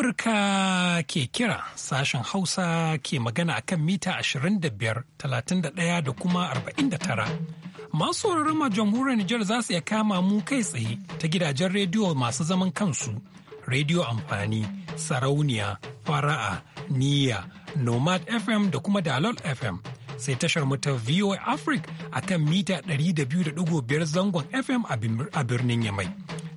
Amurka ke kira sashen Hausa ke magana a kan mita 25, 31 da kuma 49. Masu ma jamhuriyar Nijar za su iya kama mu kai tsaye ta gidajen rediyo masu zaman kansu, rediyo amfani, sarauniya, fara'a, niyya, nomad FM da kuma dalol FM. sai tashar mu ta VOA Africa a kan mita 200.5 zangon FM a birnin Yamai.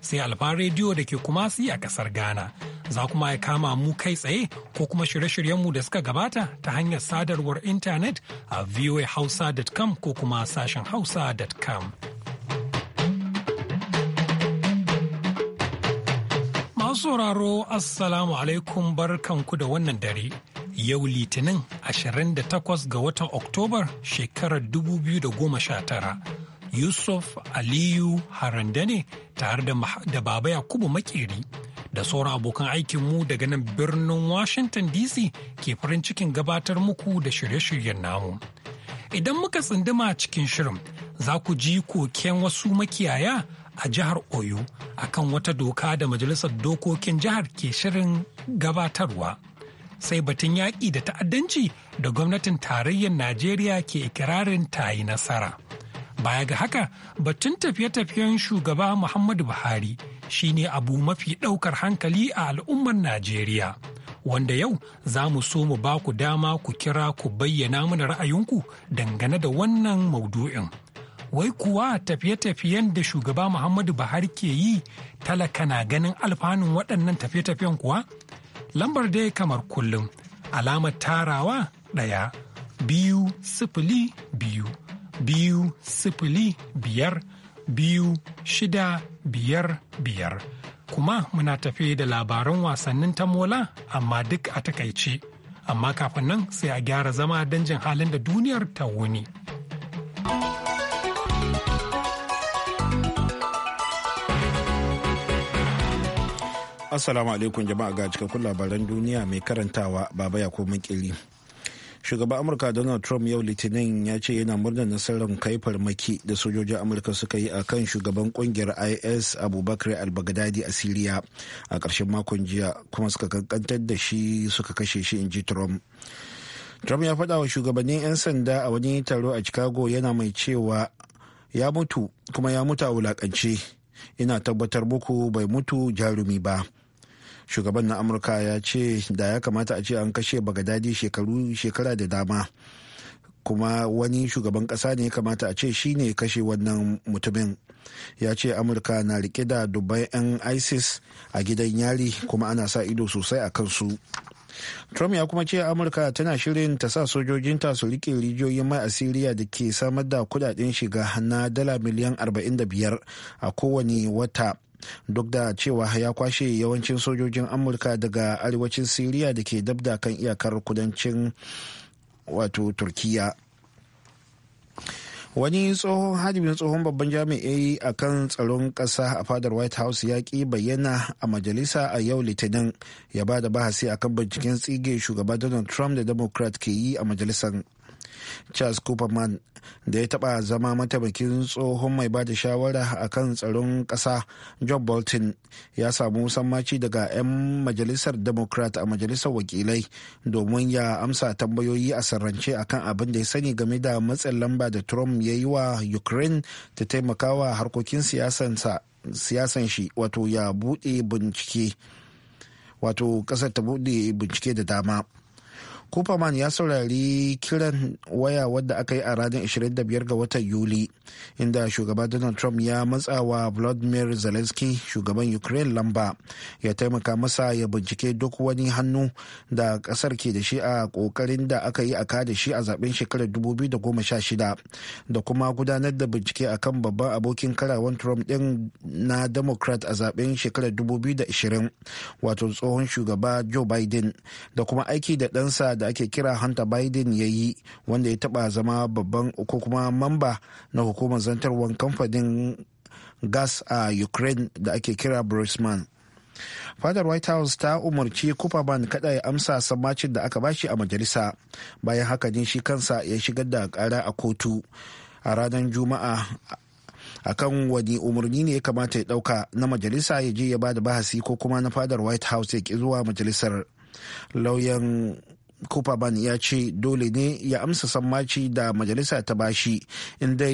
Sai Alfa rediyo da ke Kumasi a kasar Ghana. Za kuma ya kama mu kai tsaye ko kuma shirye-shiryenmu da suka gabata ta hanyar sadarwar intanet a voahausa.com ko kuma sashen hausa.com. Masu sauraro Assalamu alaikum barkanku da wannan dare. Yau Litinin 28 ga watan Oktobar shekarar 2019. Yusuf Aliyu Harande ne tare da Baba Yakubu Makeri da sauran abokan aikinmu daga nan birnin Washington DC ke farin cikin gabatar muku da shirye-shiryen namu. Idan muka tsinduma cikin shirin, za ku ji koken wasu makiyaya a jihar Oyo a kan wata doka da Majalisar Dokokin jihar ke shirin gabatarwa. Sai batun yaƙi da ta'addanci da gwamnatin tarayyar Najeriya ke ikirarin ta yi nasara. Baya ga haka, batun tafiye-tafiyen shugaba Muhammadu Buhari shi ne abu mafi ɗaukar hankali a al'ummar Najeriya. wanda yau za mu so mu ba ku dama ku kira ku bayyana mana ra'ayinku dangane da wannan maudu'in. wai kuwa tafiye-tafiyen da shugaba muhammadu buhari ke yi talaka na ganin alfanun waɗannan tafiye-tafiyen kuwa lambar dai kamar kullum alamar tarawa ɗaya biyu sifili biyu biyu sifili biyar biyu shida biyar biyar kuma muna tafiye da labaran wasannin ta Mola amma duk a takaice amma kafin nan sai a gyara zama danjin halin da duniyar ta wuni. Assalamu alaikum jama'a ga cikakkun labaran duniya mai karantawa baba ya koma kili. Shugaban Amurka Donald Trump yau Litinin ya ce yana murnar nasarar kai farmaki da sojojin Amurka suka yi a kan shugaban kungiyar IS Abubakar al-Baghdadi a Siriya a ƙarshen makon jiya kuma suka kankantar da shi suka kashe shi in ji Trump. Trump ya faɗa wa shugabannin 'yan sanda a wani taro a Chicago yana mai cewa ya mutu kuma ya mutu a wulakance. Ina tabbatar muku bai mutu jarumi ba. shugaban na amurka ya ce da ya kamata a ce an kashe bagadadi shekaru shekara da dama kuma wani shugaban kasa ne ya kamata a ce shi ne kashe wannan mutumin ya ce amurka na rike da dubban 'yan isis a gidan yari kuma ana sa ido sosai a kansu trump ya kuma ce amurka tana shirin ta sa sojojinta su rike rijiyoyin mai asiriya da ke samar da kudaden shiga na dala miliyan 45 a kowane wata duk da cewa ya kwashe yawancin sojojin amurka daga arewacin siriya da ke dabda kan iyakar kudancin wato turkiya wani tsohon hajjibin tsohon babban jami'i a kan tsaron ƙasa a fadar white house ya ki bayyana a majalisa a yau litinin ya ba da bahasi a kan binciken tsige shugaba donald trump da democrat ke yi a majalisar charles cooperman da ya taba zama mataimakin tsohon mai bada shawara a kan tsaron kasa john bolton ya samu sammaci daga 'yan majalisar democrat a majalisar wakilai domin ya amsa tambayoyi a sarrance akan abin da ya sani game da matsin lamba da trump ya yi wa ukraine ta taimakawa harkokin siyasan shi wato ya bude bincike wato ƙasar ta buɗe bincike da dama Kuperman ya saurari kiran waya wadda aka yi a ranar 25 ga watan Yuli, inda shugaba Donald Trump ya matsa wa Vladimir Zelensky shugaban Ukraine lamba ya taimaka masa ya bincike duk wani hannu da kasar ke da shi a kokarin da aka yi a kada shi a zaben shekarar 2016 da kuma gudanar da bincike a kan babban abokin karawan Trump din na Democrat a zaben shekarar 2020 wato tsohon shugaba Joe Biden da kuma aiki da ɗansa da ake kira hunter biden ya yi wanda ya taba zama babban ko kuma mamba na hukumar zantarwar kamfanin gas a ukraine da ake kira brisman fadar white house ta umarci kufaban kada ya amsa sammacin da aka bashi a majalisa bayan haka ne shi kansa ya shigar da kara a kotu a ranar juma'a akan wani umarni ne ya kamata ya dauka na majalisa ya je ya bada bahasi ko kuma na fadar white house ya ki zuwa majalisar lauyan Kupaban ya ce dole ne ya amsa sammaci da majalisa ta bashi inda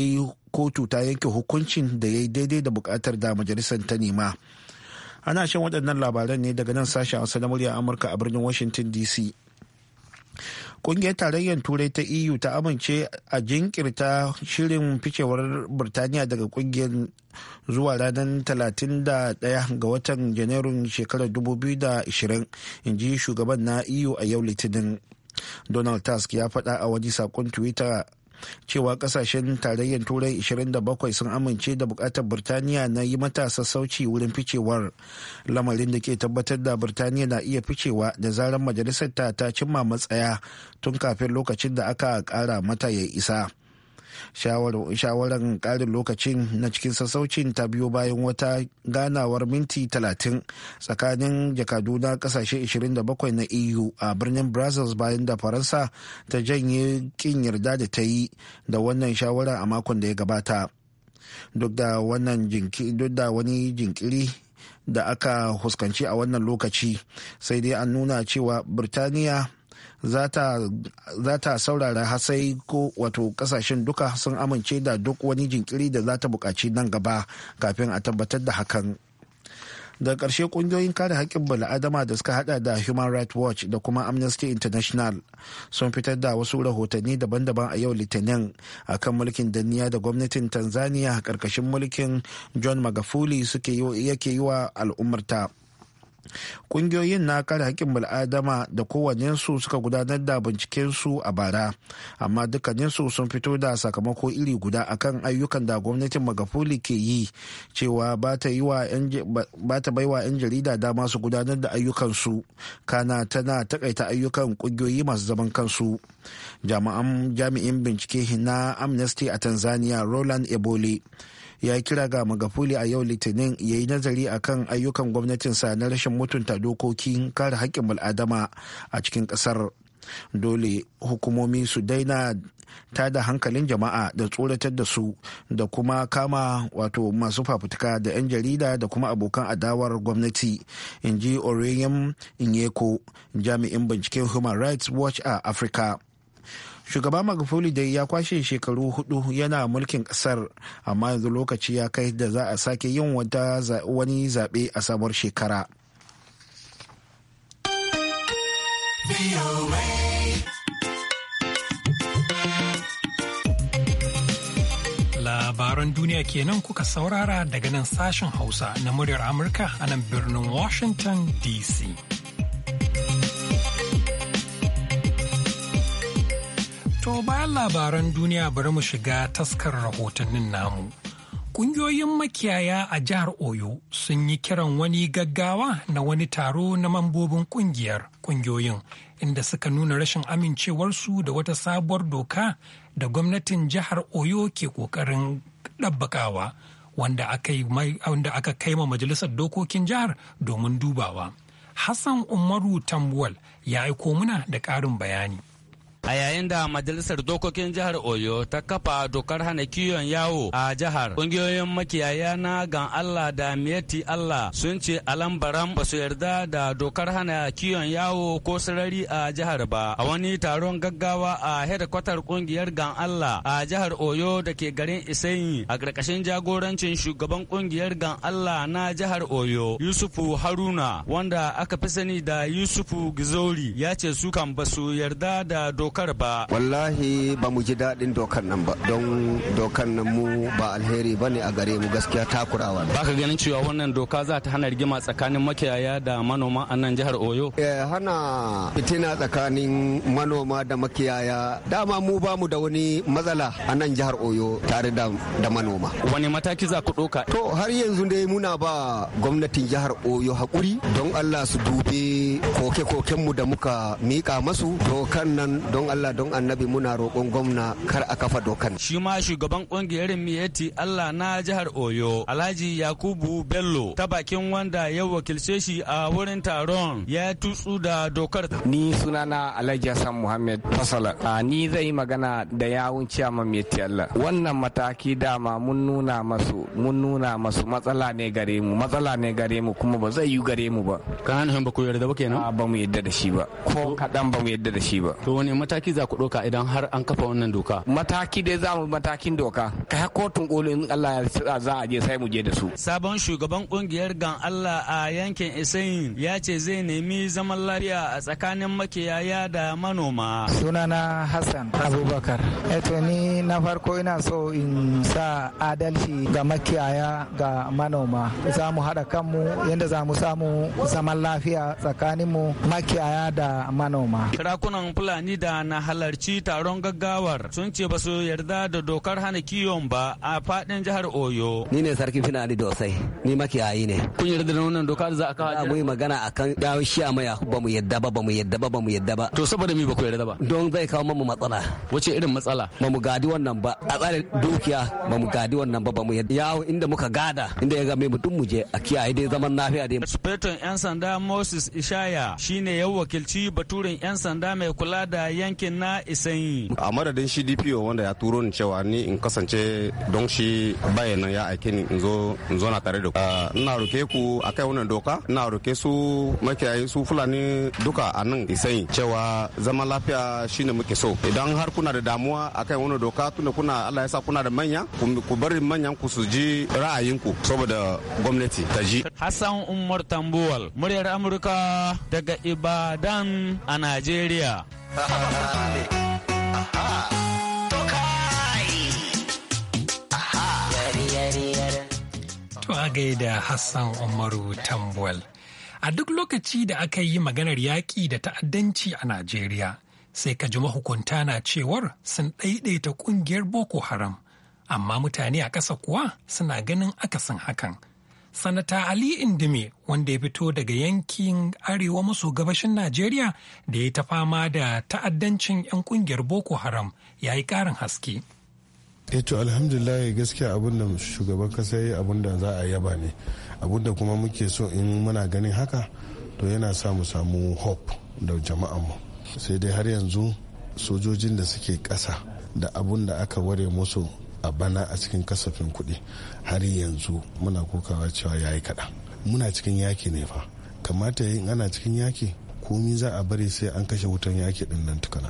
kotu ta yanke hukuncin da ya yi daidai da bukatar da majalisar ta nema. Ana shan waɗannan labaran ne daga nan sashen Hausa na murya Amurka a birnin Washington DC. kungiyar tarayyar turai ta eu ta amince a jinkirta shirin ficewar birtaniya daga kungiyar zuwa ranar 31 ga watan janairun shekarar 2020 in ji shugaban na eu a yau litinin donald tusk ya faɗa a wani sakon twitter cewa kasashen tarayyar turai 27 sun amince da bukatar birtaniya na yi mata sassauci wurin ficewar lamarin da ke tabbatar da birtaniya na iya ficewa da zarar majalisar ta ta cimma matsaya tun kafin lokacin da aka kara mata ya isa shawarar karin lokacin na cikin sassaucin ta biyo bayan wata ganawar minti talatin tsakanin jakadu na kasashe 27 na eu a birnin brussels bayan da faransa ta janye kin yarda da ta yi da wannan shawara a makon da ya gabata duk da wani jinkiri da aka huskanci a wannan lokaci sai dai an nuna cewa birtaniya za ta saurara hasai ko wato kasashen duka sun amince da duk wani jinkiri da za ta buƙaci nan gaba kafin a tabbatar da hakan da ƙarshe ƙungiyoyin kare haƙƙin bala'adama da suka hada da human rights watch da kuma amnesty international sun fitar da wasu rahotanni daban-daban a yau litinin a kan mulkin daniya da gwamnatin tanzania ƙarƙashin mulkin john magafuli yake yi wa al'ummarta kungiyoyin na kare hakkin bil'adama da kowannensu suka gudanar da bincikensu a bara amma dukkaninsu sun fito da sakamako iri guda akan ayyukan da gwamnatin magafuli ke yi cewa ba ta bai 'yan jarida dama su gudanar da ayyukansu kana tana takaita ayyukan kungiyoyi masu zaman kansu jami'in bincike na amnesty a tanzania roland ebole ya kira ga magafuli a yau litinin ya yi nazari akan ayyukan gwamnatinsa na rashin mutunta dokokin kare haƙƙin bal'adama a cikin ƙasar dole hukumomi su daina ta da hankalin jama'a da tsoratar da su da kuma kama wato masu fafutuka da 'yan jarida da kuma abokan adawar gwamnati in ji oriyan inyeko jami'in binciken human rights watch a afirka. shugaba magufuli dai ya kwashe shekaru hudu yana mulkin kasar amma yanzu lokaci ya kai da za a sake yin wani zaɓe a sabuwar shekara labaran duniya kenan kuka saurara daga nan sashen hausa na muryar amurka a nan birnin washington dc To bayan labaran duniya bari mu shiga taskar rahotannin namu. Ƙungiyoyin makiyaya a jihar Oyo sun yi kiran wani gaggawa na wani taro na mambobin ƙungiyar ƙungiyoyin inda suka nuna rashin amincewarsu da wata sabuwar doka da gwamnatin jihar Oyo ke ƙoƙarin ɗabbakawa wanda aka kai ma majalisar dokokin jihar domin dubawa. Hassan Umaru Tambuwal ya aiko muna da ƙarin bayani. a yayin da majalisar dokokin jihar oyo ta kafa dokar hana kiwon yawo a jihar ƙungiyoyin makiyaya na gan allah da miyati allah sun ce alambaram ba su yarda da dokar hana kiwon yawo ko sarari a jihar ba a wani taron gaggawa a hedkwatar ƙungiyar gan allah a jihar oyo da ke garin isenyi a ƙarƙashin jagorancin shugaban ƙungiyar gan allah na jihar oyo yusufu haruna wanda aka fi sani da yusufu gizori ya ce su kan ba su yarda da dokar dokar ba. Wallahi ba mu ji daɗin dokar nan ba don dokar nan mu ba alheri ba ne a gare mu gaskiya takurawa. Ba ka ganin cewa wannan doka za ta hana rigima tsakanin makiyaya da manoma a nan jihar Oyo? Eh, hana fitina tsakanin manoma da makiyaya dama mu ba mu da wani matsala a nan jihar Oyo tare da manoma. Wani mataki za ku ɗauka? To har yanzu dai muna ba gwamnatin jihar Oyo hakuri don Allah su dube koke mu da muka miƙa masu dokan nan don Allah don annabi muna roƙon gwamna kar a kafa dokan. Shi ma shugaban ƙungiyar Miyeti Allah na jihar Oyo Alhaji Yakubu Bello ta bakin wanda ya wakilce shi a wurin taron ya tutsu da dokar. Ni sunana Alhaji Hassan Muhammad Fasala. A ni zai yi magana da yawun ciyaman Miyeti Allah. Wannan mataki dama mun nuna masu mun nuna masu matsala ne gare mu matsala ne gare mu kuma ba zai yi gare mu ba. Kana nufin ba ku yarda ba kenan? Ba mu yarda da shi ba. Ko kaɗan ba mu yarda da shi ba. To wani mataki za ku ɗauka idan har an kafa wannan doka mataki dai za mu matakin doka ka ha kotun koli in Allah ya za a je sai mu je da su sabon shugaban kungiyar gan Allah a yankin Isayin ya ce zai nemi zaman lafiya a tsakanin makiyaya da manoma sunana Hassan Abubakar eto eh ni na farko ina so in sa adalci ga makiyaya ga manoma za mu haɗa kanmu yadda za mu samu zaman lafiya tsakaninmu makiyaya da manoma rakunan Fulani da na halarci taron gaggawar sun ce ba su yarda da dokar hana kiyon ba a fadin jihar Oyo. Ni ne sarkin fina Ali Dosai, ni makiyayi ne. Kun yarda da wannan doka da za a kawo? A muyi magana akan dawo shi a maya ba mu yarda ba ba mu yarda ba ba mu yarda ba. To saboda me ba ku yarda ba? Don zai kawo mu matsala. Wace irin matsala? Ba mu gadi wannan ba. A tsarin dukiya ba mu gadi wannan ba ba mu yarda. Yawo inda muka gada inda ya game mutum mu je a kiyaye dai zaman lafiya dai. Sufeton 'yan sanda Moses Ishaya shine ya wakilci baturin 'yan sanda mai kula da yan yankin na Isanyi. A madadin shi DPO wanda ya turo ni cewa ni in kasance don shi bayanan ya aike ni in zo na tare da ku. Ah, ina roke ku kai wannan doka, ina roke su makiyayi su Fulani duka a nan Isanyi cewa zaman lafiya shine muke so. Idan har kuna da damuwa kai wannan doka tunda kuna Allah ya sa kuna da manya ku bari manyan ku su ji ra'ayinku saboda gwamnati ta ji. Hassan Umar Tambuwal, muryar Amurka daga Ibadan a Najeriya. To a gaida Hassan Umaru Tambwal. A duk lokaci da aka yi maganar yaƙi da ta'addanci a Najeriya, sai ka ji mahukunta na cewar sun ɗaiɗaita ƙungiyar Boko Haram, amma mutane a ƙasa kuwa suna ganin akasin hakan. sanata ali Indimi, wanda ya fito daga yankin arewa maso gabashin najeriya da ya ta fama da ta'addancin 'yan kungiyar boko haram ya yi karin haske eto eh alhamdulillah gaskiya abin da shugaban kasa ya abin da za a yaba ne Abun da kuma muke so in muna ganin haka to yana sa mu samu hope da mu sai dai har yanzu sojojin da suke ƙasa da abun da aka ware musu a bana a cikin kasafin kuɗi har yanzu muna kokawa cewa ya yi kaɗan muna cikin yaki ne fa kamata yin ana cikin yaki komi za a bari sai an kashe wutan yaki din nan tukuna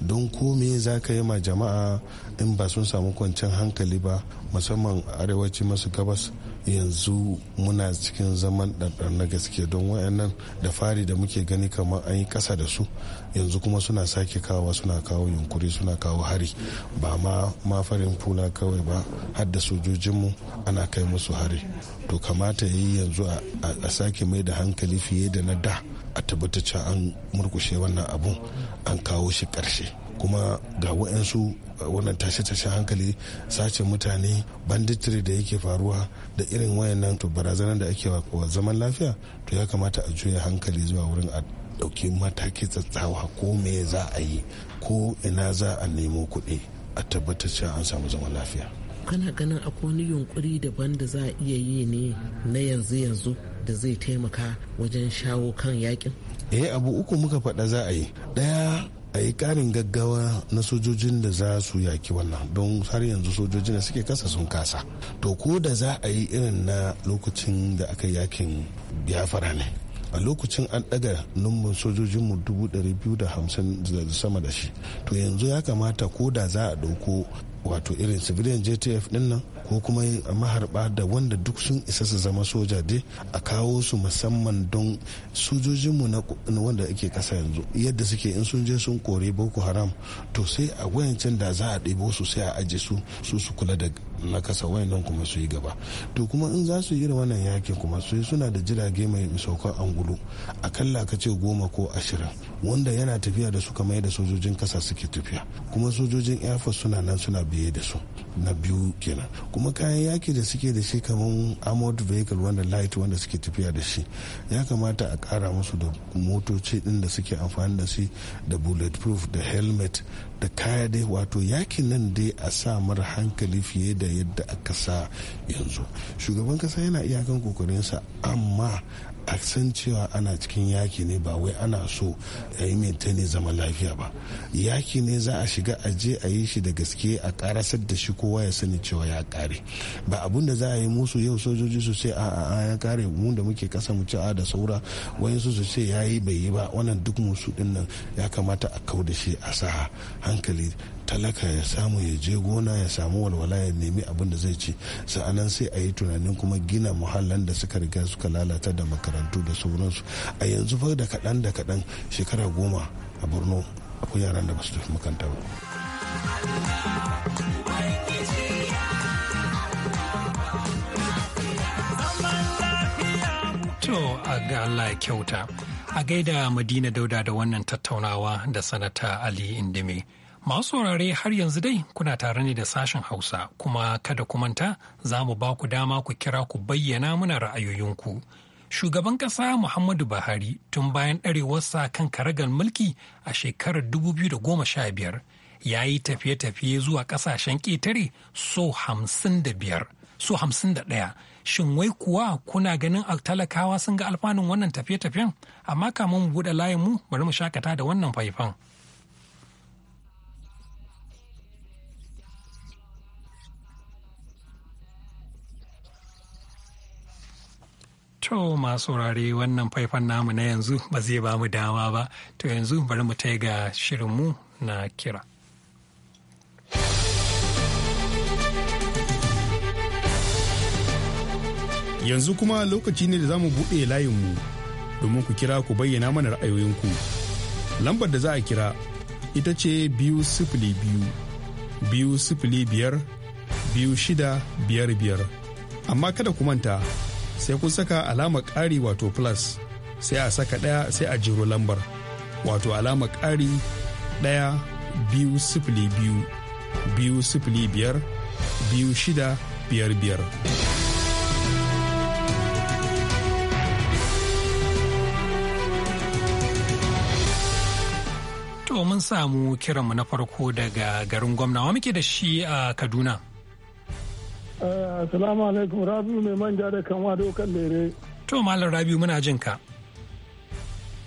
don komi za ka yi ma jama'a in ba sun samu kwanciyar hankali ba musamman arewaci masu gabas yanzu muna cikin zaman ɗanɗan na gaske don wayannan da fari da muke gani kamar an yi ƙasa da su yanzu kuma suna sake kawo suna kawo yunkuri suna kawo hari ba ma ma farin fula kawai ba har da sojojinmu ana kai musu hari to kamata yi yanzu a sake mai da hankali fiye da na da a tabbata an murkushe wannan abun an kawo shi ƙarshe kuma ga wa'yansu wannan tashe-tashen hankali sace mutane banditri da yake faruwa da irin wayannan to barazanar da ake wa zaman lafiya to ya kamata a juya hankali zuwa wurin a dauki mataki tsatsawa ko me za a yi ko ina za a nemo kuɗi a tabbatar cewa an samu zaman lafiya kana ganin akwai wani yunkuri daban da za a iya yi ne na yanzu yanzu da zai taimaka wajen shawo kan yakin eh abu uku muka faɗa za a yi ɗaya a yi karin gaggawa na sojojin da za su yaki wannan don har yanzu sojojin da suke kasa sun kasa to ko da za a yi irin na lokacin da aka yakin biyafara ne a lokacin an ɗaga numbin sojojinmu 250 da sama da shi to yanzu ya kamata ko da za a ɗauko. wato irin civilian jtf din nan ko kuma maharba da wanda duk sun isa su zama soja dai a kawo su musamman don sojojinmu na wanda ake kasa yanzu yadda suke in sun je sun kore boko haram to sai a wayancin da za a ɗebo su sai a aje su su su kula da na kasa wayannan kuma su yi gaba to kuma in za su yi da wannan yakin kuma su suna da jirage mai saukan angulu akalla ka ce goma ko ashirin wanda yana tafiya da suka mai da sojojin kasa suke tafiya kuma sojojin air force suna nan suna biye da su na biyu kenan kuma kayan yaki da suke da shi kamar armored vehicle wanda light wanda suke tafiya da shi ya kamata a kara musu da motoci din da suke amfani da shi da bulletproof da helmet da kaya dai wato yakin nan dai a sa mar hankali fiye da yadda aka sa yanzu shugaban kasa yana iyakan kokarinsa amma a san cewa ana cikin yaki ne ba wai ana so a yi ne zama lafiya ba yaki ne za a shiga a je a yi shi da gaske a karasar da shi kowa ya sani cewa ya kare ba abun da za a yi musu yau sojoji su ce a a ya kare mu da muke kasa mu ci da saura wani su ce ya yi bai yi ba wannan duk musu din nan ya kamata a kau da shi a sa hankali talaka ya samu ya je gona ya samu walwala ya nemi abin da zai ci sa'anan sai a yi tunanin kuma gina muhallan da suka riga suka lalata da makarantu da sauransu a yanzu fa da kaɗan da kaɗan shekara goma a borno akwai yaran da ba su tafi makaranta ba To a ga Allah ya kyauta a gaida Madina Dauda da wannan tattaunawa da sanata Ali Indimi. Masu saurare har yanzu dai kuna tare ne da sashen Hausa kuma kada ku manta za mu ba ku dama ku kira ku bayyana muna ra'ayoyinku. Shugaban ƙasa Muhammadu Buhari tun bayan ɗarewarsa kan karagar mulki a shekarar 2015 ya yi tafiye-tafiye zuwa ƙasashen ƙetare so 55 so 51 shin wai kuwa kuna ganin talakawa sun ga alfanun wannan tafiye-tafiyen amma kamun buɗe layinmu bari mu shakata da wannan faifan. To masu saurare wannan faifan namu na yanzu ba zai ba mu dama ba, to yanzu bari mu tai ga mu na kira. Yanzu kuma lokaci ne da za mu buɗe layinmu domin ku kira ku bayyana mana ra'ayoyinku. Lambar da za a kira ita ce biyu sifili biyu, biyu sifili biyar, biyu shida biyar biyar. Amma kada ku manta sai kun saka alama ƙari wato plus sai a saka ɗaya sai a jiro lambar wato alama ƙari ɗaya biyu sifili biyu biyu sifili biyar biyu shida biyar biyar. To mun samu kiranmu na farko daga garin gwamna wa muke da shi a Kaduna. Assalamu alaikum Rabiu mai manja da kanwa dokan lere. To Malam Rabiu muna jin ka.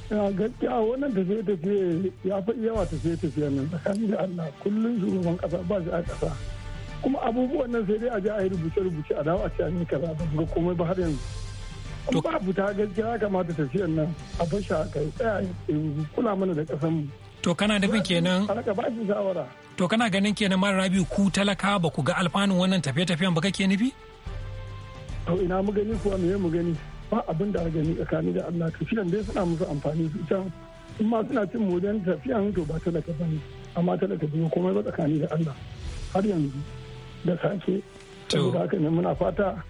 gaskiya wannan tafiye-tafiye ya fi yawa tafiye-tafiye nan tsakanin da Allah kullum shugaban kasa ba shi a kasa. Kuma abubuwan nan sai dai a ji a yi rubuce-rubuce a dawo a ce an yi kaza ba ga komai ba har yanzu. An ba fita gaskiya ya kamata tafiyan nan a fasha a kai tsaya kula mana da kasan mu. To kana nufin kenan To kana ganin kenan mara rabi ku talaka ba ku ga alfanun wannan tafiye-tafiyen ba kake nufi? To ina mu gani kuwa me mu gani ba abin da gani tsakani da Allah to shin dai suna musu amfani su can. in ma suna cin modan tafiyan to ba talaka ba ne amma talaka biyu komai ba tsakani da Allah har yanzu da sake To. ba haka ne muna fata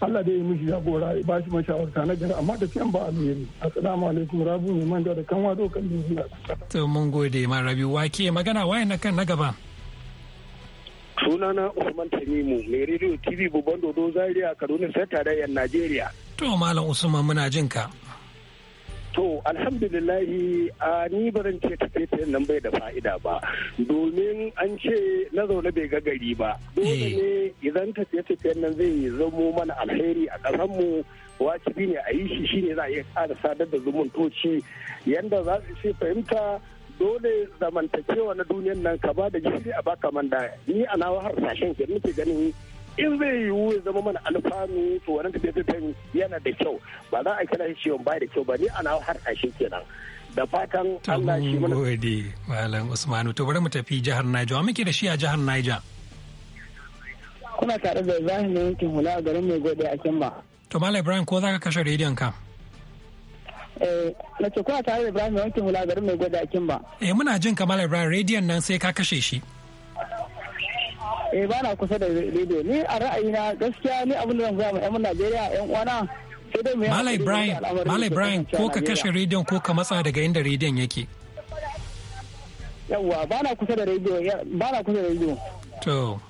Allah da ya mishi jagora ya ba shi mashawarta na gari amma da fiyan ba alheri. Assalamu alaikum Rabi mai manja da kanwa do kan duniya. To mun gode ma Rabi wake magana waye na kan na gaba. Sunana Usman Tamimu mai rediyo TV Bubban Dodo Zaria Kaduna sai tarayyar Najeriya. To Malam Usman muna jin ka. To alhamdulillahi a ni ba zan ce tafiye nan bai da fa'ida ba domin an ce na zaune bai ga gari ba. Dole eh. ne idan tafiye-tafiyen nan zai zamo mana alheri a mu wajibi ne a yi shi shine za a iya ƙara sadar da zumuntoci yanda za su fahimta dole zamantakewa na duniyan nan ka ba da gishiri a baka manda ni a nawa harsashen ke nake ganin in zai yiwu ya zama mana alfanu to da bai yana da kyau ba za a kira shi ciwon ba da kyau ba ni ana har ashe kenan da fatan Allah shi mana gode malam Usmanu to bari mu tafi jihar Niger muke da shi a jihar Niger kuna tare da zahiri yankin hula a garin mai gode a Kimba to malam Ibrahim ko za ka kashe rediyon ka eh na ce kuna tare da Ibrahim yankin hula a garin mai gode a Kimba eh muna jin kamar Ibrahim rediyon nan sai ka kashe shi eh ba na kusa da rediyo ni a ra'ayina gaskiya ni abin da zan gaya ma Najeriya 'yan uwana sai Malai Brian, Malai Brian ko ka kashe rediyon ko ka matsa daga inda rediyon yake. yawa ba na kusa da rediyo, ba na kusa da rediyo. To.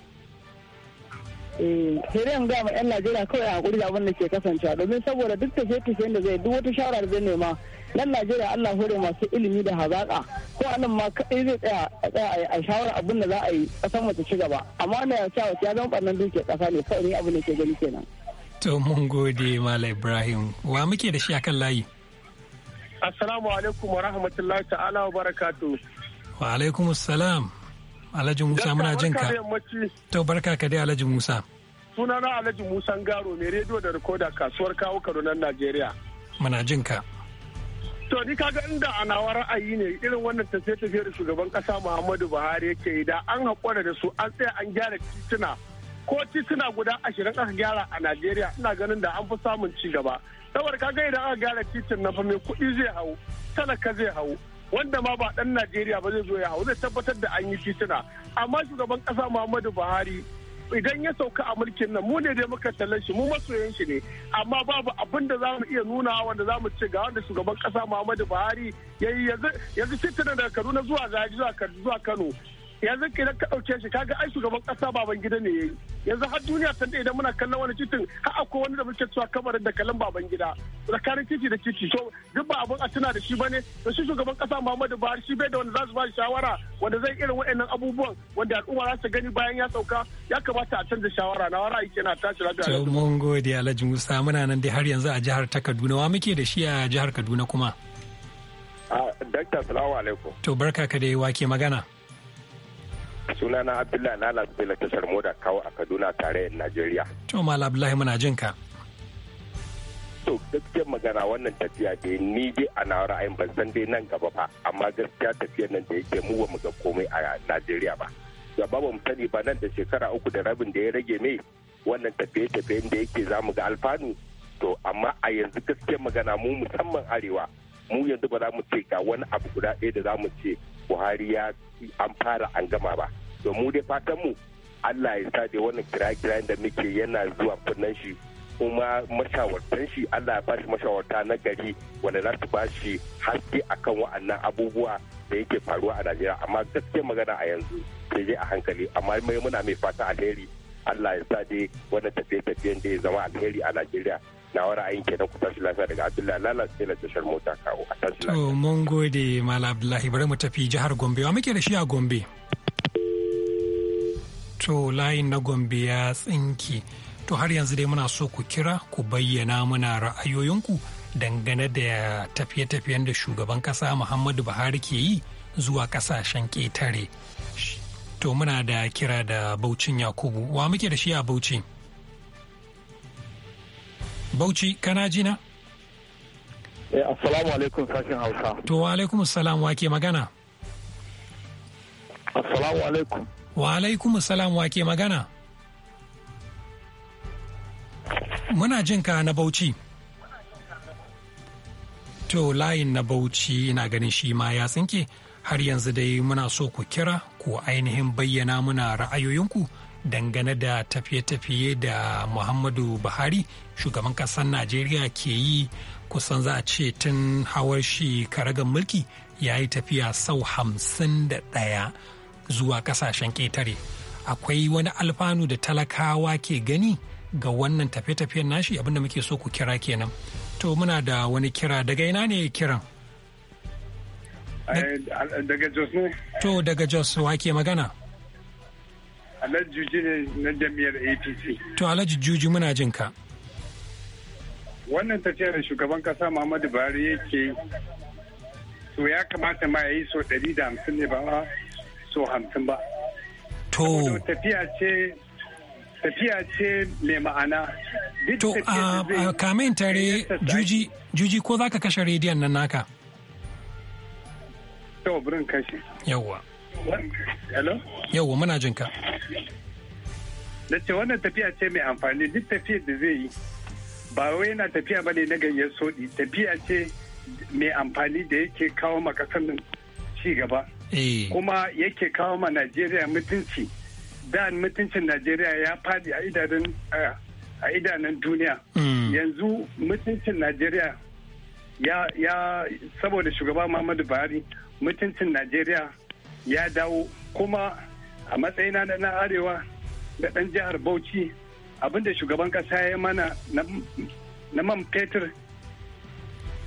Eh, sai dai ga ma yan Najeriya kawai hakuri da abin da ke kasancewa domin saboda duk tafiye tafiyen da zai duk wata shawara da zai nema yan Najeriya Allah hore masu ilimi da hazaka ko anan ma kadai zai tsaya a tsaya a shawara abin da za a yi kasan mu ta ci gaba amma na ya cewa ya zama barnan duke kasa ne kawai ni abin da ke gani kenan to mun gode Malam Ibrahim wa muke da shi akan layi Assalamu alaikum wa rahmatullahi ta'ala wa barakatuh wa alaikum assalam Alhaji Musa muna jin ka. To barka ka dai Alhaji Musa. Sunana Alhaji Musa Garo mai rediyo da rikoda kasuwar kawo Kaduna Najeriya. Muna jin ka. To ni kaga inda a nawa ra'ayi ne irin wannan tafiye-tafiye da shugaban kasa Muhammadu Buhari yake yi da an haƙura da su an tsaya an gyara tituna ko tituna guda ashirin aka gyara a Najeriya ina ganin da an fi samun ci gaba. Saboda kaga idan aka gyara titin na fa mai kuɗi zai hau talaka zai hau wanda ma ba dan Najeriya ba zai zo ya hau zai tabbatar da an yi titina amma shugaban kasa Muhammadu Buhari idan ya sauka a mulkin nan mu ne dai muka tallan shi mu masoyan shi ne amma babu abin da mu iya nuna wanda zamu ce ga wanda shugaban kasa Muhammadu Buhari yayi yanzu titina daga Kaduna zuwa Zaji zuwa Kano yanzu idan ka ɗauke shi kaga ai shugaban kasa baban gida ne yayi yanzu har duniya ta idan muna kallon wani titin har akwai wani da muke cewa kamarin da kallon baban gida tsakanin titi da titi to duk ba abun a tuna da shi bane da shi shugaban kasa Muhammadu Buhari shi bai da wanda za su ba shi shawara wanda zai irin waɗannan abubuwan wanda al'umma za su gani bayan ya sauka ya kamata a canza shawara na wara yake na tashi lafiya. To mun gode Alhaji Musa muna nan dai har yanzu a jihar ta Kaduna wa muke da shi a jihar Kaduna kuma. Ah, Dakta salamu alaikum. To barka ka dai wake magana. sunana abdullahi lala da tashar moda kawo a kaduna tare tarayyar najeriya to mala abdullahi muna jin ka to gaskiyar magana wannan tafiya da ni dai a na ra'ayin ban san dai nan gaba ba amma gaskiya tafiyar nan da yake mu ba mu ga komai a najeriya ba da ba mu sani ba nan da shekara uku da rabin da ya rage mai wannan tafiye-tafiyen da yake za mu ga alfanu to amma a yanzu gaskiya magana mu musamman arewa mu yanzu ba za mu ce ga wani abu guda ɗaya da za mu ce buhari ya an fara an gama ba domin dai fatan mu allah ya sa wannan kira da muke yana zuwa kunnen shi kuma mashawartan shi Allah ya ba shi mashawarta na gari wanda za su ba shi haske akan wa'annan abubuwa da yake faruwa a Najeriya amma gaske magana a yanzu sai dai a hankali amma mai muna mai fata alheri Allah ya sa wannan tafiye-tafiyen da ya zama alheri a Najeriya na wara ayin kenan ku tashi lafiya daga Abdullahi Lala sai na tashar mota kawo a tashi lafiya. To mun gode Malam Abdullahi bari mu tafi jihar Gombe wa muke da shi a Gombe. To layin na Gombe ya tsinki. To har yanzu dai muna so ku kira ku bayyana muna ra'ayoyinku dangane da tafiye-tafiyen da shugaban kasa Muhammadu Buhari ke yi zuwa kasashen ƙetare. To muna da kira da Baucin Yakubu. Wa muke da shi a Baucin? Bauchi kana jina? Eh, assalamu alaikum sashen Hausa. To wa alaikum assalam wa ke magana? Assalamu alaikum. Wa alaikum assalam wa ke magana? Muna jin ka na Bauchi. To layin na Bauchi ina ganin shi ma ya tsinke har yanzu dai muna so ku kira ku ainihin bayyana muna ra'ayoyinku. dangane da tafiye-tafiye da muhammadu buhari shugaban ƙasar najeriya ke yi kusan za a ce tun hawar shi karagan mulki ya yi tafiya sau hamsin da ɗaya zuwa ƙasashen ƙetare akwai wani alfanu da talakawa ke gani ga wannan tafiye-tafiyen nashi abinda muke so ku kira kenan to muna da wani kira daga ina ne kiran eh, daga jos ne to daga jos wa ke magana Alhaji Juji ne na jami'ar APC. To Alhaji Juji muna jin ka. Wannan tafiya da shugaban kasa Muhammadu Buhari yake to ya kamata ma ya yi so ɗari da hamsin ne ba ma so hamsin ba. To. Tafiya ce tafiya ce mai ma'ana. To a kamin tare juji juji ko za ka kashe rediyon nan naka? To burin kashe. Yawwa. Yauwa muna jin ka. Na ce wannan tafiya ce mai amfani duk tafiyar da zai yi ba wai yana tafiya ba ne na ganyen soɗi tafiya ce mai amfani da yake kawo ma ƙasar ci gaba. Eh. Kuma yake kawo ma Najeriya mutunci. Da mutuncin Najeriya ya faɗi a idanun a idanun duniya. Hmm. Yanzu mutuncin Najeriya ya saboda shugaba Muhammadu Buhari mutuncin Najeriya ya dawo kuma a matsayina na arewa da ɗan jihar bauchi abinda shugaban ƙasa ya mana na man fetur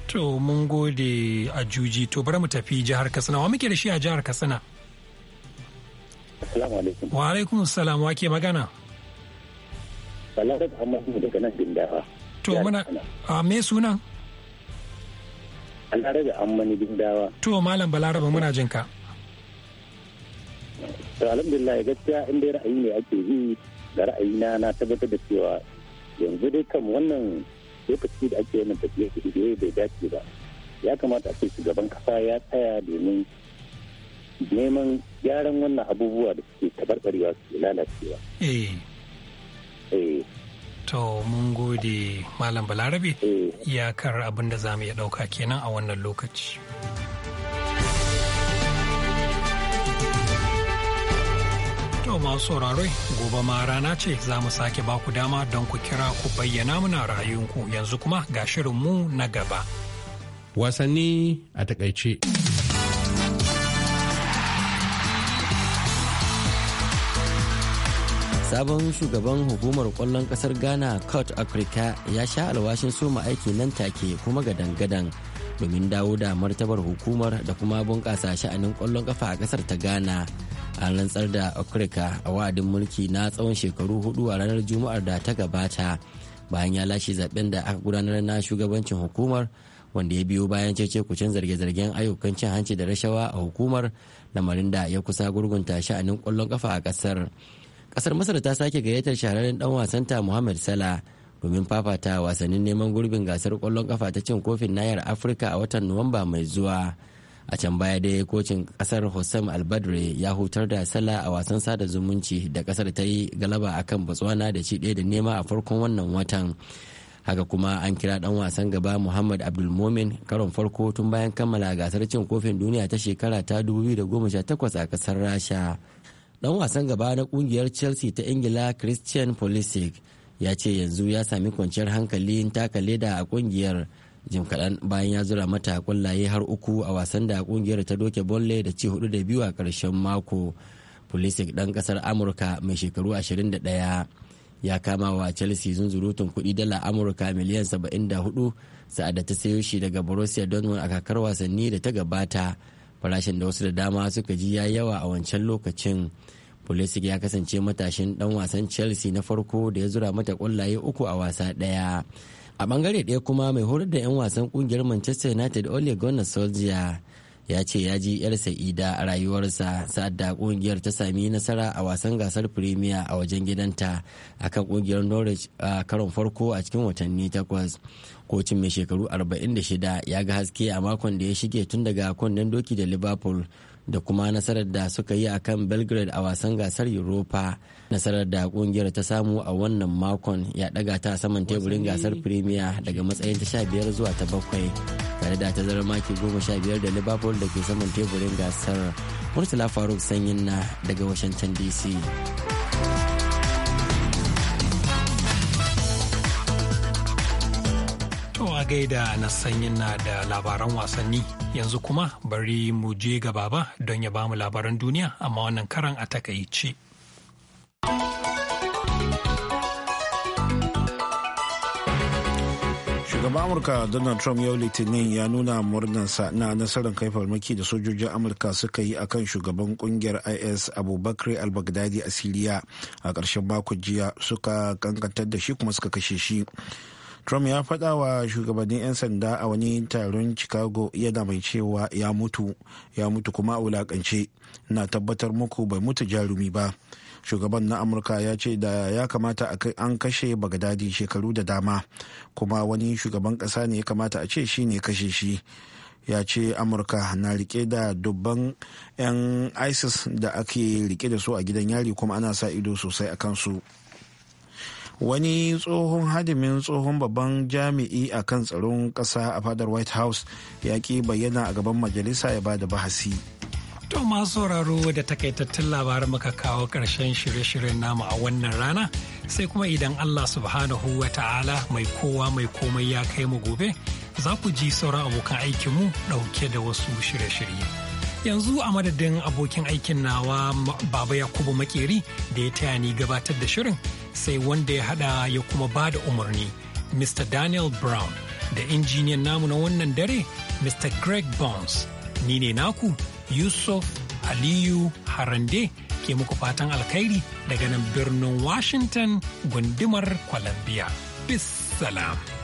to mun gode a juji to bari mu tafi jihar katsina wa muke da shi a jihar katsina wa alaikum salam wa ke magana to muna a me sunan Balarabe Ammani Bindawa. To Malam Balaraba muna jinka. ka. to alhamdulillah gaskiya in dai ra'ayi ne ake yi da ra'ayi na na tabbatar da cewa yanzu dai kan wannan lokaci da ake yana tafiye tafiye bai dace ba ya kamata a ce shugaban kasa ya tsaya domin neman gyaran wannan abubuwa da suke tabarbarewa su lalacewa. Eh. Eh. To mun gode Malam Balarabe eh. iyakar abin da za mu iya ɗauka kenan a wannan lokaci. To masu sauraro gobe ma rana ce za mu sake ba ku dama don ku kira ku bayyana muna ra'ayinku yanzu kuma ga mu na gaba. Wasanni a takaice. Sabon shugaban hukumar kwallon kasar Ghana Court Africa ya sha alwashin soma aiki nan take kuma gadan-gadan. domin dawo da martabar hukumar da kuma bunƙasa sha'anin ƙwallon ƙafa a kasar ta ghana a rantsar da afirka a wa'adin mulki na tsawon shekaru hudu a ranar juma'ar da ta gabata bayan ya lashe zaben da aka gudanar na shugabancin hukumar wanda ya biyo bayan cece kucin zarge-zargen ayyukan cin hanci da rashawa a hukumar lamarin da ya kusa gurgunta sha'anin ƙwallon ƙafa a ƙasar ƙasar masar ta sake gayyatar shahararren dan wasanta muhammad salah domin fafata wasannin neman gurbin gasar kwallon kafa ta cin kofin nayar afirka a watan nuwamba mai zuwa a can baya dai kocin kasar hossam albadre ya hutar da sala a wasan sada zumunci da kasar ta yi galaba a kan botswana da ci ɗaya da nema a farkon wannan watan haka kuma an kira dan wasan gaba muhammad abdulmomin karon farko tun bayan kammala gasar cin kofin duniya ta shekara ta 2018 a kasar rasha dan wasan gaba na kungiyar chelsea ta ingila christian pulisic ya ce yanzu ya sami kwanciyar hankalin taka leda a kungiyar jim kaɗan bayan ya zura mata kwallaye har uku a wasan da kungiyar ta doke bolle da ci hudu da biyu a ƙarshen mako pulisic ɗan ƙasar amurka mai shekaru 21 ya kama wa chelsea zunzurutun kuɗi dala amurka miliyan 74 sa'ad da ta sayo shi daga borussia dortmund a kakar wasanni da ta gabata farashin da wasu da dama suka ji ya yawa a wancan lokacin Pulisic ya kasance matashin dan wasan Chelsea na farko da ya zura mata kwallaye uku a wasa ɗaya. A bangare ɗaya kuma mai horar da 'yan wasan kungiyar Manchester United Ole Gunnar Solskjaer ya ce ya ji 'yar sa'ida a rayuwarsa sa'ad da kungiyar ta sami nasara a wasan gasar premier a wajen gidanta a kan kungiyar norwich a karon farko a cikin watanni takwas kocin mai shekaru 46 ya ga haske a makon da ya shige tun daga kunnen doki da liverpool da kuma nasarar da suka yi a kan belgrade a wasan gasar europa nasarar da kungiyar ta samu a wannan makon ya daga ta saman teburin gasar premier daga matsayin ta biyar zuwa ta bakwai tare da ta zara maki goma sha biyar da liverpool da ke saman teburin gasar murtala faruk sanyin na daga washington dc gaida na sanyin na da labaran wasanni yanzu kuma bari mu je gaba ba don ya bamu labaran duniya amma wannan karan a takaice. shugaban amurka donald trump yau litinin ya nuna murnarsa na nasarar kai farmaki da sojojin amurka suka yi akan shugaban kungiyar is abubakar al-baghdadi a siriya a ƙarshen mako jiya suka kankantar da shi kuma suka kashe shi trump ya faɗa wa shugabannin 'yan sanda a wani taron chicago yana mai cewa ya mutu ya mutu kuma a wulakance na tabbatar muku bai mutu jarumi ba shugaban na amurka ya ce da ya kamata an kashe bagdadi shekaru da dama kuma wani shugaban ƙasa ne ya kamata a ce shi ne kashe shi ya ce amurka na rike da dubban 'yan isis da ake rike da su a gidan yari kuma ana sa ido sosai a kansu. su wani tsohon hadimin tsohon babban jami'i a kan tsaron ƙasa a fadar white house ya ki bayyana a gaban majalisa ya ba da bahasi to masu sauraro da takaitattun labaran muka kawo ƙarshen shirye-shiryen namu a wannan rana sai kuma idan allah subhanahu wa ta'ala mai kowa mai komai ya kai mu gobe za ku ji sauran abokan aikinmu ɗauke da wasu shirye-shirye. yanzu a madadin abokin aikin nawa baba yakubu makeri da ya taya ni gabatar da shirin sai wanda ya hada ya kuma ba da umarni mr daniel brown da injiniyan namu na wannan dare mr greg bones ni ne naku yusuf aliyu harande ke muku fatan alkhairi daga nan birnin washington gundumar columbia bis salam